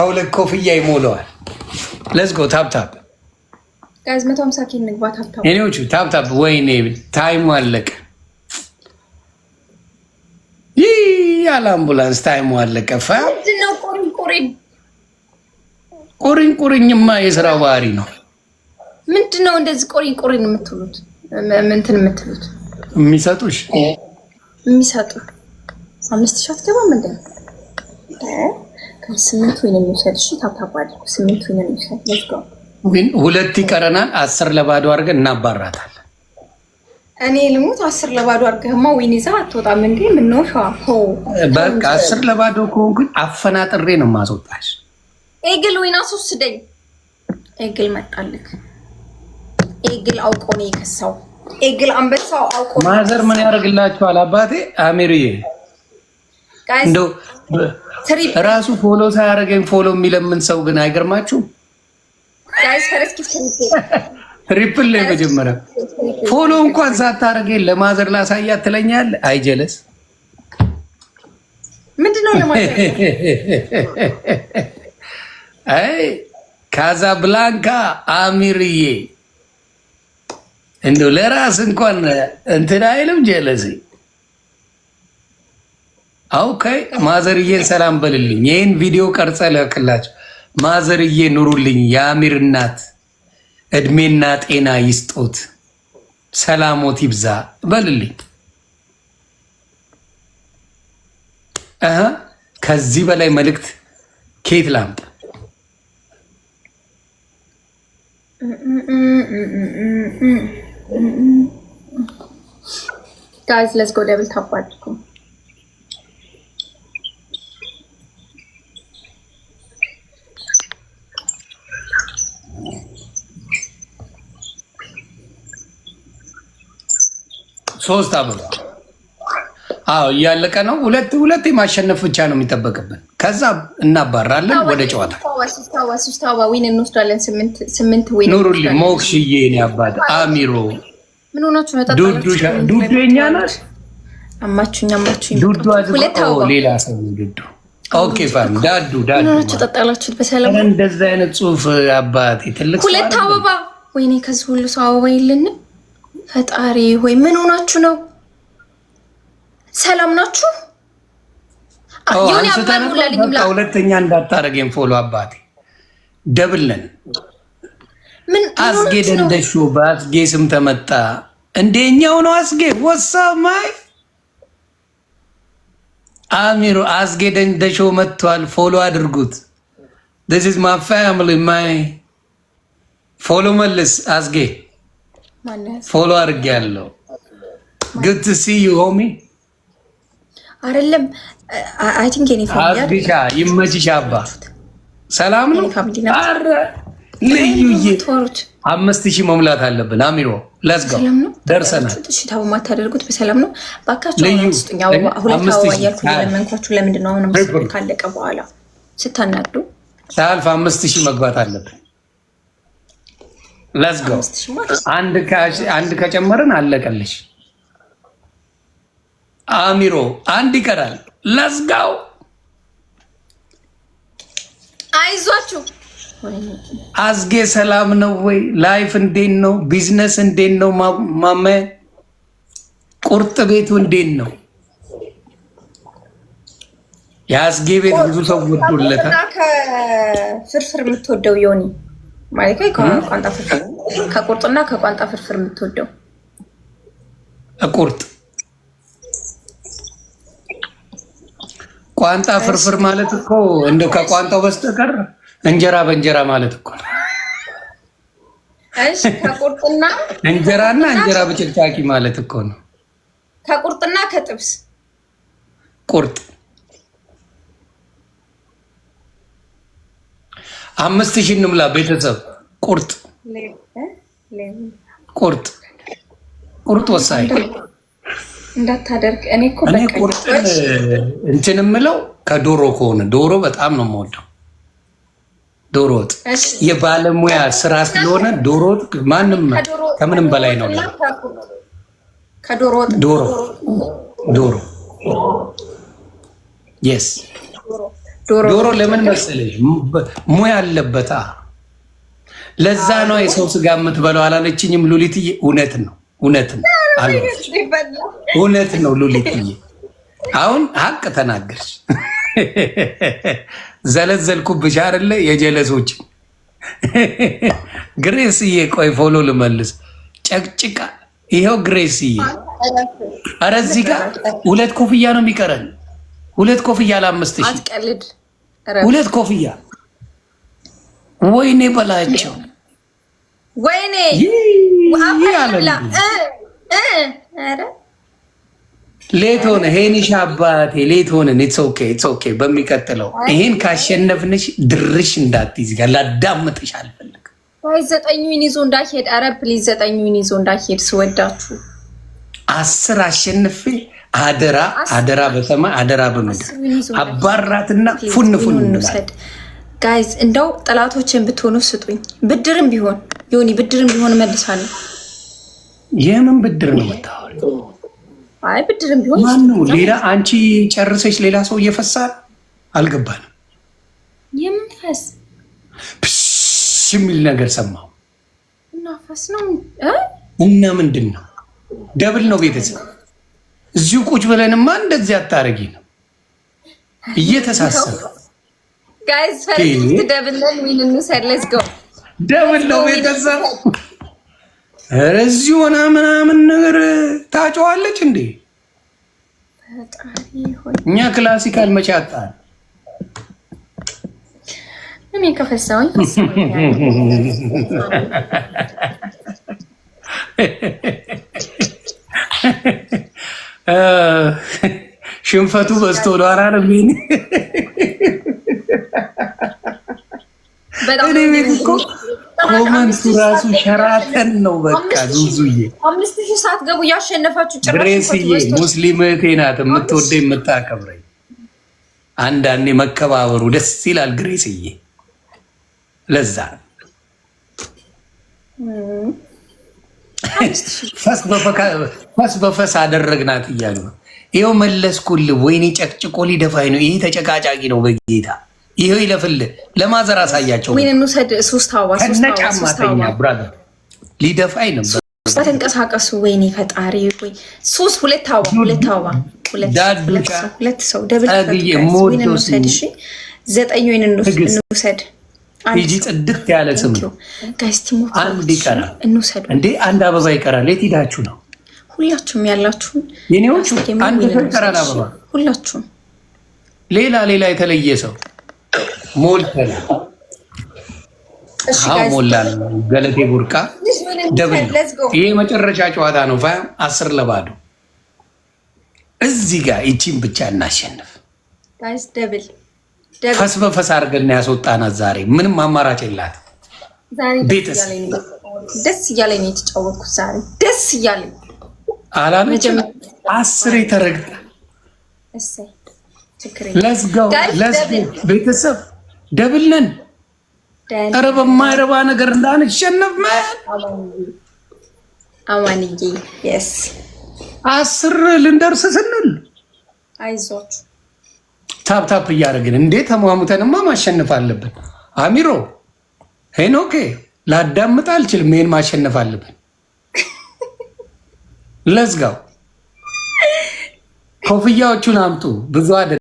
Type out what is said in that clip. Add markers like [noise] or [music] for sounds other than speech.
ከሁለት ኮፍያ ይሞላዋል። ለዝጎ ታብታብ ጋዝ መቶ ሃምሳ ኪሎ ንግባ። ታብታብ እኔዎቹ ታብታብ። ወይኔ ታይሙ አለቀ። ይህ ያለ አምቡላንስ ታይሙ አለቀ። ፋ ቁሪን ቁሪኝማ የስራ ባህሪ ነው። ምንድን ነው እንደዚህ ቁሪን ቁሪን የምትሉት? ምንትን የምትሉት የሚሰጡሽ የሚሰጡ አምስት ሺህ አትገባም እንደ ስምንት ዊን የሚውሰድ እሺ፣ ታብታብ አድርጉ። ስምንት ዊን የሚውሰድ ለዝጎ ግን ሁለት ይቀረናል። አስር ለባዶ አድርገን እናባራታል። እኔ ልሙት አስር ለባዶ አድርገህማ ዊን ይዛ አትወጣም እንዴ? ምን ምነው ሸዋ በቃ አስር ለባዶ ከሆን ግን አፈናጥሬ ነው ማስወጣሽ። ኤግል ዊን አስወስደኝ። ኤግል መጣልክ። ኤግል አውቆ ነው የከሳው። ኤግል አንበሳው አውቆ ማዘር ምን ያደርግላችኋል አባቴ አሜሪዬ እንደው ራሱ ፎሎ ሳያደርገኝ ፎሎ የሚለምን ሰው ግን አይገርማችሁ? ሪፕል ላይ መጀመሪያ ፎሎ እንኳን ሳታደርገኝ ለማዘር ላሳያት ትለኛል። አይጀለስ ምንድነው? ካዛብላንካ አሚርዬ እንደው ለራስ እንኳን እንትን አይልም ጀለሴ አውከ ማዘርዬን ሰላም በልልኝ። ይህን ቪዲዮ ቀርጸ ለክላቸው ማዘርዬ ኑሩልኝ፣ የአሚር እናት እድሜና ጤና ይስጦት፣ ሰላሞት ይብዛ በልልኝ። ከዚህ በላይ መልእክት ኬት ላምፕ ። ጋዝ ለዝጎ ደብል ታባድኩም ሶስት አብሮ አዎ እያለቀ ነው። ሁለት ሁለት የማሸነፍ ብቻ ነው የሚጠበቅብን። ከዛ እናባራለን ወደ ጨዋታ ኑሩልኝ። ሞክሽዬ ኔ አባት አሚሮ ዱዱኛ ናት። አማቹኝ አማቹኝ። ዱዱ ሌላ ሰው ዱዱ ኦኬ ፋን ዳዱ ዳዱ ተጠጣላችሁት በሰላም እንደዛ አይነት ጽሁፍ አባቴ ትልቅ ሁለት አበባ ወይኔ ከዚህ ሁሉ ሰው አበባ የለንም። ፈጣሪ ወይ ምን ሆናችሁ ነው? ሰላም ናችሁ? ሁለተኛ እንዳታረገኝ ፎሎ አባቴ ደብልን አስጌ ደንደሾ በአስጌ ስም ተመጣ። እንደኛው ነው አስጌ ወሳ ማይ አሚሩ አስጌ ደንደሾ መጥቷል። ፎሎ አድርጉት። ዚስ ኢዝ ማይ ፋሚሊ ማይ ፎሎ መልስ አስጌ ፎሎ አድርጌ ያለው ግት ሲ ዩ ሆሚ አይደለም አይ ቲንክ የኔ ፋሚሊ ይመችሽ። አባ ሰላም ነው። አረ ልዩዬ አምስት ሺህ መሙላት አለብን። አሚሮ ለዝጋ ደርሰናል። ሽታው ማታደርጉት በሰላም ነው። ባካቸው ስጡኝ። ሁለት አበባ እያልኩ ለመንኳችሁ። ለምንድን ነው አሁን ካለቀ በኋላ ስታናዱ ሳልፍ አምስት ሺህ መግባት አለብን። ጎ አንድ ከጨመርን አለቀልሽ። አሚሮ አንድ ይቀራል። ለዝጋው አይዟችሁ። አዝጌ ሰላም ነው ወይ? ላይፍ እንዴት ነው? ቢዝነስ እንዴት ነው? ማመ ቁርጥ ቤቱ እንዴት ነው? የአዝጌ ቤት ብዙ ሰው ወዶለታል። ፍርፍር የምትወደው ዮኒ ማለት ቋንጣ ፍርፍር ከቁርጥና ከቋንጣ ፍርፍር የምትወደው ቁርጥ ቋንጣ ፍርፍር ማለት እኮ እንደው ከቋንጣው በስተቀር እንጀራ በእንጀራ ማለት እኮ ነው። እሺ ከቁርጥና እንጀራና እንጀራ በጭቅጫቂ ማለት እኮ ነው። ከቁርጥና ከጥብስ ቁርጥ አምስት ሺህ እንምላ ቤተሰብ ቁርጥ ቁርጥ ቁርጥ ወሳኝ እንዳታደርግ። እኔ ቁርጥ እንትን የምለው ከዶሮ ከሆነ ዶሮ በጣም ነው የምወደው። ዶሮ ወጥ የባለሙያ ስራ ስለሆነ ዶሮ ወጥ ማንም ከምንም በላይ ነው። ዶሮ ዶሮ ዶሮ ዶሮ ለምን መሰለሽ ሙያ አለበታ። ለዛ ነው የሰው ስጋ የምትበለው አላለችኝም ሉሊትዬ? እውነት ነው እውነት ነው እውነት ነው ሉሊትዬ፣ አሁን ሀቅ ተናገርሽ። [laughs] ዘለዘልኩብሽ አይደለ? የጀለሶች [laughs] ግሬስዬ፣ ቆይ ፎሎ ልመልስ። ጨቅጭቃ ይኸው ግሬስዬ። ኧረ እዚህ ጋር ሁለት ኮፍያ ነው የሚቀረን። ሁለት ኮፍያ ለአምስት ሺህ ሁለት ኮፍያ ወይኔ በላቸው ወይኔ ሌት ሆነ ሄንሽ አባቴ ሌት ሆነን ኦኬ በሚቀጥለው ይሄን ካሸነፍንሽ ድርሽ እንዳትይዝ ጋር ላዳምጥሽ አልፈልግም ዘጠኙን ይዞ እንዳሄድ ኧረ ፕሊዝ ዘጠኙን ይዞ እንዳሄድ ስወዳችሁ አስር አሸንፍኝ አደራ አደራ፣ በሰማይ አደራ፣ በምድር አባራትና ፉን ፉን ጋይዝ። እንደው ጠላቶችን ብትሆኑ ስጡኝ፣ ብድርም ቢሆን ዮኒ፣ ብድርም ቢሆን መልሳለሁ። የምን ብድር ነው የምታወሪው? አይ ብድርም ቢሆን ማነው ሌላ? አንቺ ጨርሰች፣ ሌላ ሰው እየፈሳ አልገባንም። የምን ፈስ የሚል ነገር ሰማሁ እና ፈስ ነው እና ምንድን ነው ደብል ነው ቤተሰብ እዚሁ ቁጭ ብለንማ እንደዚህ አታደርጊ ነው እየተሳሰበ ደብል ነው ቤተሰብ እዚህ ሆና ምናምን ነገር ታጨዋለች እንዴ? እኛ ክላሲካል መቼ አጣን? እኔ ከፈሳሁኝ [laughs] ሽንፈቱ በዝቶ ወደኋላ ነው። እኔ ቤት እኮ ኮመንቱ ራሱ ሸራተን ነው። በቃ ዙዙዬ አምስት ሺህ ሳትገቡ እያሸነፋችሁ ድሬስዬ፣ ሙስሊም እህቴ ናት የምትወደ የምታከብረኝ። አንዳንዴ መከባበሩ ደስ ይላል ግሬስዬ፣ ለዛ ፈስ በፈስ አደረግናት እያሉ ነው። ይኸው መለስኩል። ወይኔ ጨቅጭቆ ሊደፋኝ ነው። ይሄ ተጨቃጫቂ ነው። በጌታ ይሄው ይለፍልህ። ለማዘር አሳያቸው። ከነጫማተኛ ብራዘር ሊደፋኝ ነበር። ተንቀሳቀሱ። ወይኔ ፈጣሪ ወይ ሶስት ሁለት አበባ ሁለት አበባ ሁለት ሰው ደብል ጠግዬ ሞዶ ዘጠኝ ወይን እንውሰድ ሂጂ ጽድት ያለ ስም ነው። አንድ ይቀራል እንዴ? አንድ አበባ ይቀራል። የት ሄዳችሁ ነው? ሁላችሁም ያላችሁ የኔዎች አንድ ሰው ይቀራል አበባ። ሁላችሁም ሌላ ሌላ የተለየ ሰው ሞልተን ሞላ ገለቴ ቡርቃ ደብል ይሄ መጨረሻ ጨዋታ ነው። ፋ አስር ለባዶ እዚህ ጋር ይቺን ብቻ እናሸንፍ ደብል ፈስ በፈስ አድርገን ያስወጣናት። ዛሬ ምንም አማራጭ የላት። ቤትስ ደስ እያለኝ ነው የተጫወትኩት። ዛሬ ደስ እያለኝ አላለች። አስሬ ተረግጣ ለዝጋው ቤተሰብ ደብል ኧረ በማይረባ ነገር እንዳንሸነፍ አማንዬ፣ የስ አስር ልንደርስ ስንል አይዞት ታፕታፕ እያደረግን እንዴት ተሟሙተንማ ማሸነፍ አለብን። አሚሮ ሄኖኬ ላዳምጥ አልችልም። ይሄን ማሸነፍ አለብን። ለዝጋው ኮፍያዎቹን አምጡ ብዙ